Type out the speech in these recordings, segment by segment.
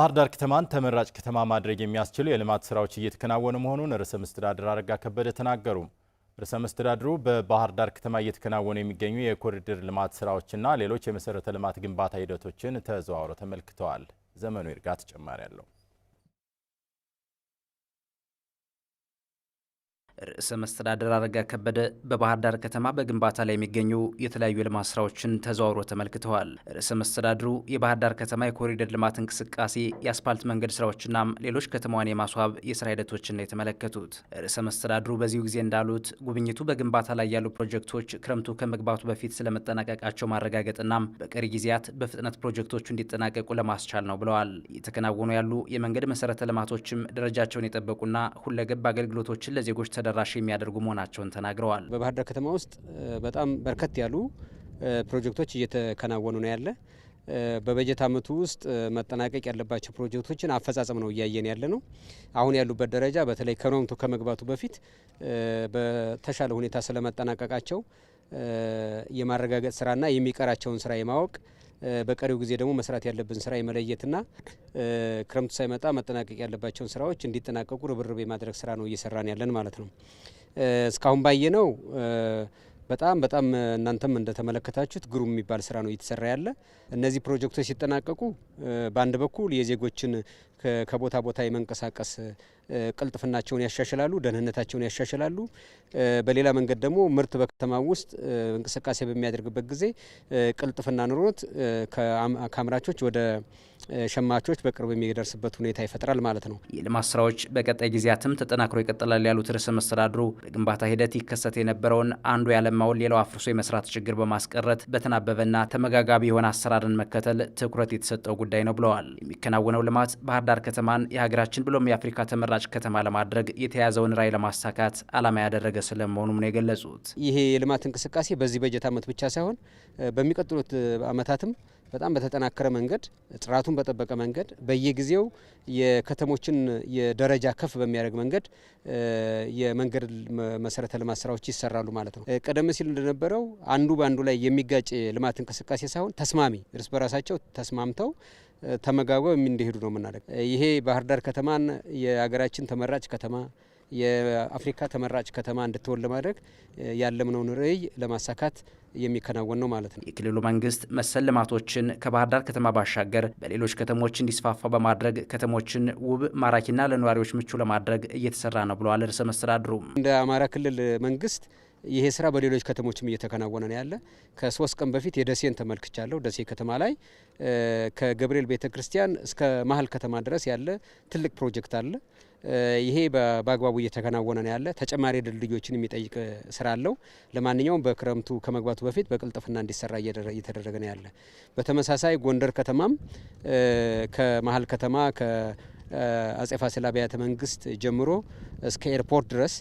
ባህር ዳር ከተማን ተመራጭ ከተማ ማድረግ የሚያስችሉ የልማት ስራዎች እየተከናወኑ መሆኑን ርዕሰ መስተዳድር አረጋ ከበደ ተናገሩ። ርዕሰ መስተዳድሩ በባህር ዳር ከተማ እየተከናወኑ የሚገኙ የኮሪደር ልማት ስራዎችና ሌሎች የመሰረተ ልማት ግንባታ ሂደቶችን ተዘዋውረው ተመልክተዋል። ዘመኑ ይርጋ ተጨማሪ አለው። ርዕሰ መስተዳደር አረጋ ከበደ በባህር ዳር ከተማ በግንባታ ላይ የሚገኙ የተለያዩ የልማት ስራዎችን ተዘዋውሮ ተመልክተዋል። ርዕሰ መስተዳድሩ የባህር ዳር ከተማ የኮሪደር ልማት እንቅስቃሴ፣ የአስፓልት መንገድ ስራዎችና ሌሎች ከተማዋን የማስዋብ የስራ ሂደቶችን ነው የተመለከቱት። ርዕሰ መስተዳድሩ በዚሁ ጊዜ እንዳሉት ጉብኝቱ በግንባታ ላይ ያሉ ፕሮጀክቶች ክረምቱ ከመግባቱ በፊት ስለመጠናቀቃቸው ማረጋገጥና በቀሪ ጊዜያት በፍጥነት ፕሮጀክቶቹ እንዲጠናቀቁ ለማስቻል ነው ብለዋል። እየተከናወኑ ያሉ የመንገድ መሰረተ ልማቶችም ደረጃቸውን የጠበቁና ሁለገብ አገልግሎቶችን ለዜጎች ተደ ተደራሽ የሚያደርጉ መሆናቸውን ተናግረዋል። በባህር ዳር ከተማ ውስጥ በጣም በርከት ያሉ ፕሮጀክቶች እየተከናወኑ ነው ያለ በበጀት አመቱ ውስጥ መጠናቀቅ ያለባቸው ፕሮጀክቶችን አፈጻጸም ነው እያየን ያለ ነው። አሁን ያሉበት ደረጃ በተለይ ከኖምቶ ከመግባቱ በፊት በተሻለ ሁኔታ ስለመጠናቀቃቸው የማረጋገጥ ስራና የሚቀራቸውን ስራ የማወቅ በቀሪው ጊዜ ደግሞ መስራት ያለብን ስራ የመለየትና ክረምቱ ሳይመጣ መጠናቀቅ ያለባቸውን ስራዎች እንዲጠናቀቁ ርብርብ የማድረግ ስራ ነው እየሰራን ያለን ማለት ነው። እስካሁን ባየነው በጣም በጣም እናንተም እንደተመለከታችሁት ግሩም የሚባል ስራ ነው እየተሰራ ያለ። እነዚህ ፕሮጀክቶች ሲጠናቀቁ በአንድ በኩል የዜጎችን ከቦታ ቦታ የመንቀሳቀስ ቅልጥፍናቸውን ያሻሽላሉ፣ ደህንነታቸውን ያሻሽላሉ። በሌላ መንገድ ደግሞ ምርት በከተማ ውስጥ እንቅስቃሴ በሚያደርግበት ጊዜ ቅልጥፍና ኑሮት ከአምራቾች ወደ ሸማቾች በቅርብ የሚደርስበት ሁኔታ ይፈጥራል ማለት ነው። የልማት ስራዎች በቀጣይ ጊዜያትም ተጠናክሮ ይቀጥላል ያሉት ርዕሰ መስተዳድሩ በግንባታ ሂደት ይከሰት የነበረውን አንዱ ያለማውን ሌላው አፍርሶ የመስራት ችግር በማስቀረት በተናበበና ተመጋጋቢ የሆነ አሰራርን መከተል ትኩረት የተሰጠው ጉዳይ ነው ብለዋል። የሚከናወነው ልማት ባህር ዳር ከተማን የሀገራችን ብሎም የአፍሪካ ተመራጭ ከተማ ለማድረግ የተያዘውን ራዕይ ለማሳካት ዓላማ ያደረገ ስለመሆኑም ነው የገለጹት። ይሄ የልማት እንቅስቃሴ በዚህ በጀት ዓመት ብቻ ሳይሆን በሚቀጥሉት ዓመታትም በጣም በተጠናከረ መንገድ ጥራቱን በጠበቀ መንገድ በየጊዜው የከተሞችን የደረጃ ከፍ በሚያደርግ መንገድ የመንገድ መሰረተ ልማት ስራዎች ይሰራሉ ማለት ነው። ቀደም ሲል እንደነበረው አንዱ በአንዱ ላይ የሚጋጭ ልማት እንቅስቃሴ ሳይሆን ተስማሚ እርስ በራሳቸው ተስማምተው ተመጋግበው የሚንደሄዱ ነው የምናደርግ። ይሄ ባህር ዳር ከተማን የሀገራችን ተመራጭ ከተማ የአፍሪካ ተመራጭ ከተማ እንድትሆን ለማድረግ ያለምነውን ርዕይ ለማሳካት የሚከናወን ነው ማለት ነው። የክልሉ መንግስት መሰል ልማቶችን ከባህር ዳር ከተማ ባሻገር በሌሎች ከተሞች እንዲስፋፋ በማድረግ ከተሞችን ውብ፣ ማራኪና ለነዋሪዎች ምቹ ለማድረግ እየተሰራ ነው ብለዋል ርዕሰ መስተዳድሩ። እንደ አማራ ክልል መንግስት ይሄ ስራ በሌሎች ከተሞችም እየተከናወነ ነው ያለ። ከሶስት ቀን በፊት የደሴን ተመልክቻለሁ። ደሴ ከተማ ላይ ከገብርኤል ቤተ ክርስቲያን እስከ መሀል ከተማ ድረስ ያለ ትልቅ ፕሮጀክት አለ። ይሄ በአግባቡ እየተከናወነ ነው ያለ። ተጨማሪ ድልድዮችን የሚጠይቅ ስራ አለው። ለማንኛውም በክረምቱ ከመግባቱ በፊት በቅልጥፍና እንዲሰራ እየተደረገ ነው ያለ። በተመሳሳይ ጎንደር ከተማም ከመሀል ከተማ ከአጼ ፋሲል አብያተ መንግስት ጀምሮ እስከ ኤርፖርት ድረስ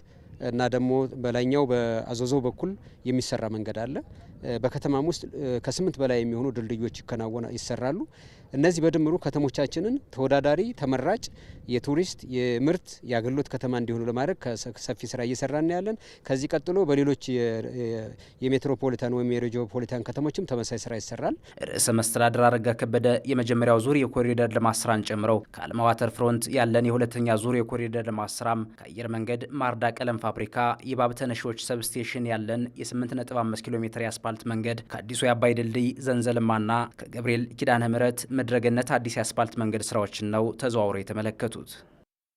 እና ደግሞ በላይኛው በአዘዞ በኩል የሚሰራ መንገድ አለ። በከተማም ውስጥ ከስምንት በላይ የሚሆኑ ድልድዮች ይከናወና ይሰራሉ። እነዚህ በድምሩ ከተሞቻችንን ተወዳዳሪ፣ ተመራጭ የቱሪስት የምርት የአገልግሎት ከተማ እንዲሆኑ ለማድረግ ሰፊ ስራ እየሰራን ያለን። ከዚህ ቀጥሎ በሌሎች የሜትሮፖሊታን ወይም የሬጂዮፖሊታን ከተሞችም ተመሳሳይ ስራ ይሰራል። ርዕሰ መስተዳድር አረጋ ከበደ የመጀመሪያው ዙር የኮሪደር ልማት ስራን ጨምረው ከአልማ ዋተር ፍሮንት ያለን የሁለተኛ ዙር የኮሪደር ልማት ስራም ከአየር መንገድ ማርዳ ቀለም ፋብሪካ የባብተነሺዎች ሰብስቴሽን ያለን የ8.5 ኪሎ ሜትር የአስፓልት መንገድ ከአዲሱ የአባይ ድልድይ ዘንዘልማና ከገብርኤል ኪዳነ ምሕረት መድረግነት አዲስ የአስፓልት መንገድ ስራዎችን ነው ተዘዋውሮ የተመለከቱት።